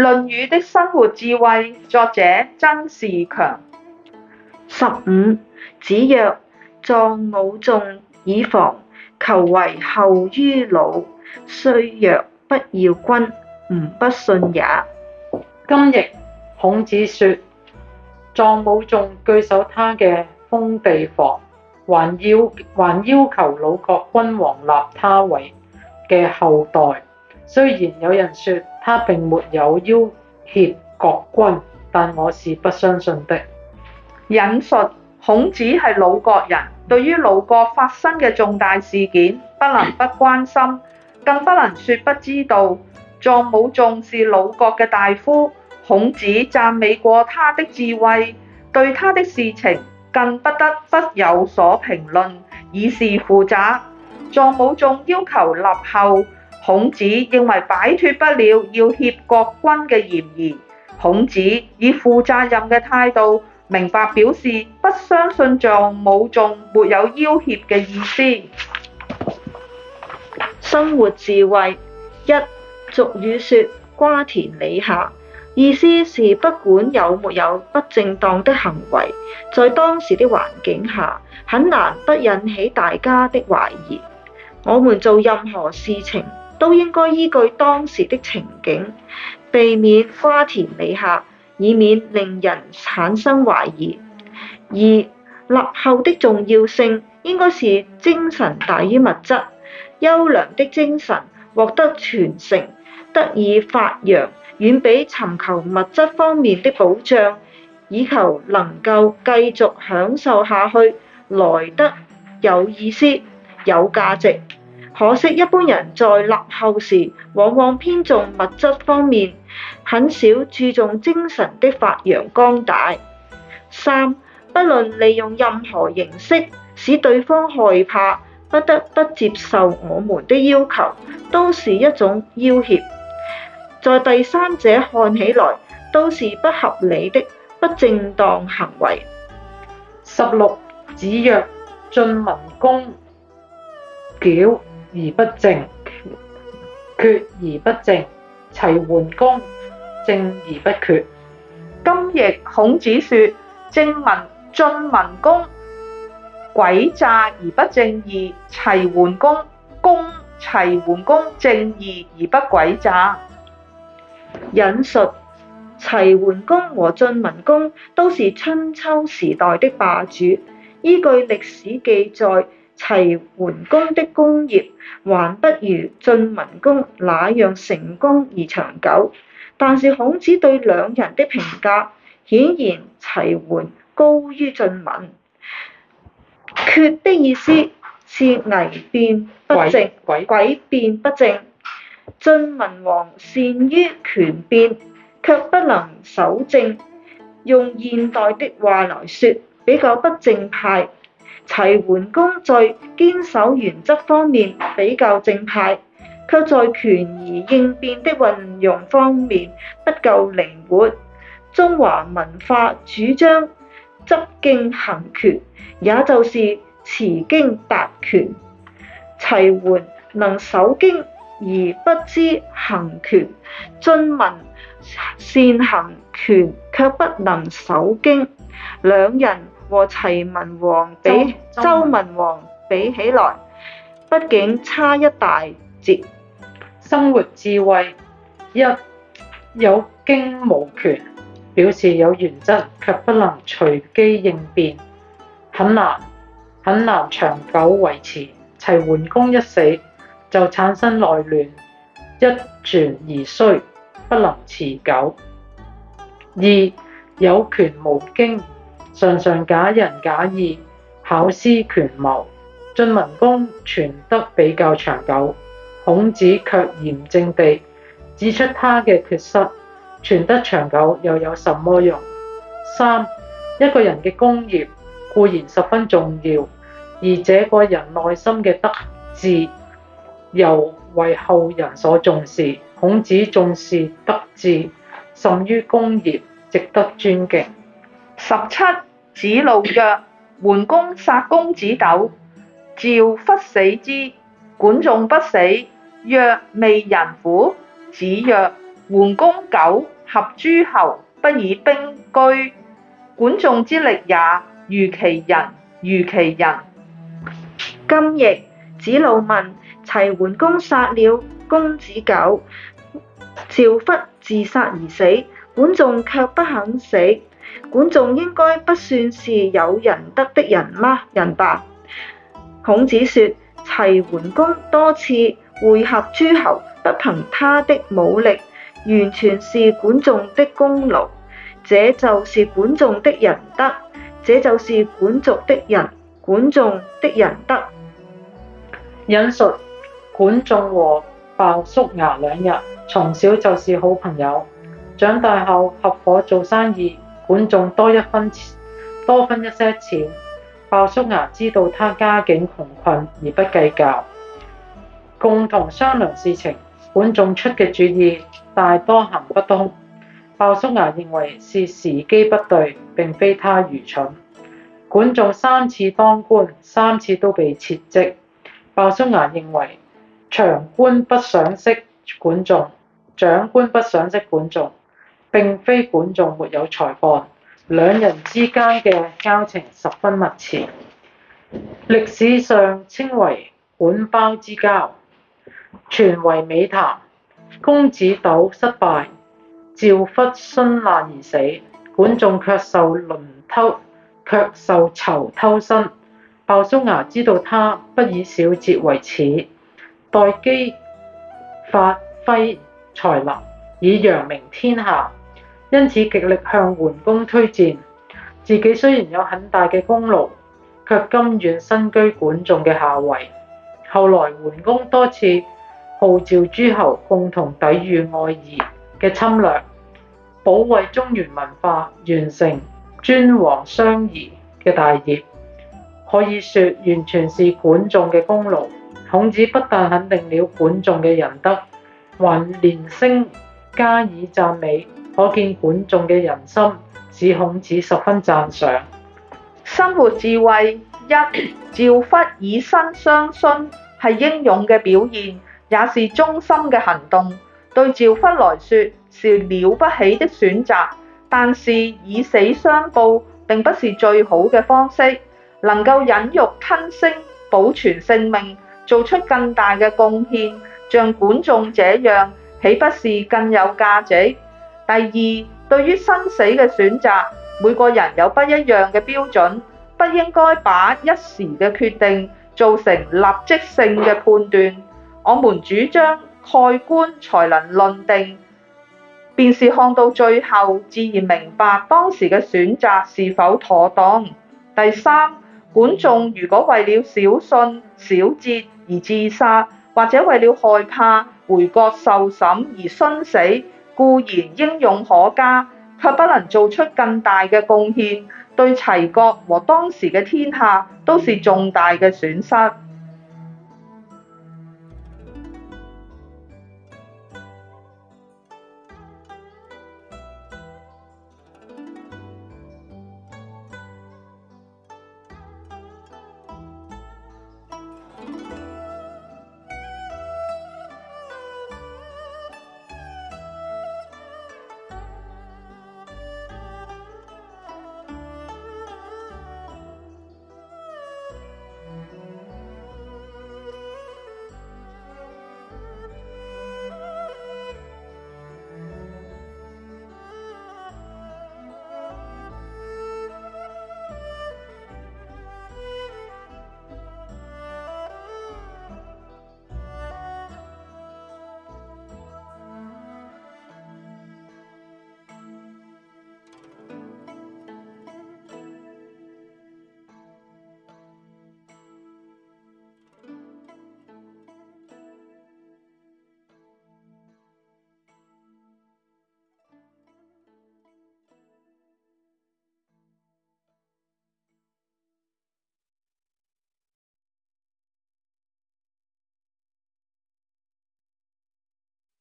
《論語》的生活智慧，作者曾仕強。強十五，子曰：臧武仲以防求為後於魯。雖曰不要君，吾不信也。今日孔子說，臧武仲據守他嘅封地防，還要還要求魯國君王立他為嘅後代。雖然有人說他並沒有要挾國君，但我是不相信的。引述孔子係魯國人，對於魯國發生嘅重大事件，不能不關心，更不能說不知道。臧武仲是魯國嘅大夫，孔子讚美過他的智慧，對他的事情，更不得不有所評論，以示負責。臧武仲要求立後。孔子認為擺脱不了要脅國君嘅嫌疑。孔子以負責任嘅態度，明白表示不相信臧武仲沒有要脅嘅意思。生活智慧一俗語說：瓜田李下，意思是不管有沒有不正當的行為，在當時的環境下，很難不引起大家的懷疑。我們做任何事情，都應該依據當時的情景，避免瓜田李下，以免令人產生懷疑。而立後的重要性應該是精神大於物質，優良的精神獲得傳承，得以發揚，遠比尋求物質方面的保障，以求能夠繼續享受下去，來得有意思、有價值。可惜一般人在立後時，往往偏重物質方面，很少注重精神的發揚光大。三，不論利用任何形式使對方害怕，不得不接受我們的要求，都是一種要挾。在第三者看起來都是不合理的不正當行為。十六子曰：晉文公譎而不正，譎而不正，齊桓公正而不譎。今譯孔子說：，晉文晉文公詭詐而不正義，齊桓公公齊桓公正義而不詭詐。引述齊桓公和晉文公都是春秋時代的霸主，依據歷史記載。齊桓公的功業，還不如晉文公那樣成功而長久。但是孔子對兩人的評價，顯然齊桓高於晉文。譎的意思是詭變不正，鬼，詭變不正。晉文王善於權變，卻不能守正。用現代的話來說，比較不正派。齊桓公在堅守原則方面比較正派，卻在權宜應變的運用方面不夠靈活。中華文化主張執經行權，也就是持經達權。齊桓能守經而不知行權，晉文善行權卻不能守經，兩人。和齊文王比周文王比起來，畢竟差一大截。生活智慧一，有經無權，表示有原則，卻不能隨機應變，很難很難長久維持。齊桓公一死就產生內亂，一傳而衰，不能持久。二，有權無經。常常假仁假義、巧施權謀。晉文公傳得比較長久，孔子卻嚴正地指出他嘅缺失。傳得長久又有什麼用？三一個人嘅功業固然十分重要，而這個人內心嘅德智又為後人所重視。孔子重視德智甚於功業，值得尊敬。十七。子路曰：桓公殺公子糾，召忽死之，管仲不死。曰：未仁乎？子曰：桓公九合諸侯，不以兵居，管仲之力也。如其仁。如其仁。今亦子路問：齊桓公殺了公子糾，召忽自殺而死，管仲卻不肯死。管仲應該不算是有仁德的人嗎？人吧。孔子說：齊桓公多次會合諸侯，不憑他的武力，完全是管仲的功勞。這就是管仲的仁德，這就是管仲的人，管仲的仁德。引述：管仲和鮑叔牙兩人，從小就是好朋友，長大後合伙做生意。管仲多一分多分一些錢，鮑叔牙知道他家境窮困而不計較，共同商量事情。管仲出嘅主意大多行不通，鮑叔牙認為是時機不對，並非他愚蠢。管仲三次當官，三次都被撤職。鮑叔牙認為長官不賞識管仲，長官不賞識管仲。並非管仲沒有才幹，兩人之間嘅交情十分密切，歷史上稱為管鮑之交，傳為美談。公子糾失敗，召忽殉難而死，管仲卻受倫偷，卻受仇偷身，鮑叔牙知道他不以小節為恥，待機發揮才能，以揚名天下。因此極力向桓公推薦自己，雖然有很大嘅功勞，卻甘願身居管仲嘅下位。後來桓公多次號召諸侯共同抵禦外夷嘅侵略，保衛中原文化，完成尊王攘夷嘅大業，可以說完全是管仲嘅功勞。孔子不但肯定了管仲嘅仁德，還連聲加以讚美。可見管仲嘅人心，使孔子十分讚賞。生活智慧一：召忽以身相殉係英勇嘅表現，也是忠心嘅行動。對召忽來說是了不起的選擇，但是以死相報並不是最好嘅方式。能夠忍辱吞聲，保存性命，做出更大嘅貢獻，像管仲這樣，豈不是更有價值？第二，對於生死嘅選擇，每個人有不一樣嘅標準，不應該把一時嘅決定做成立即性嘅判斷。我們主張蓋棺才能論定，便是看到最後，自然明白當時嘅選擇是否妥當。第三，管仲如果為了小信小節而自殺，或者為了害怕回國受審而殉死。固然英勇可嘉，卻不能做出更大嘅貢獻，對齊國和當時嘅天下都是重大嘅損失。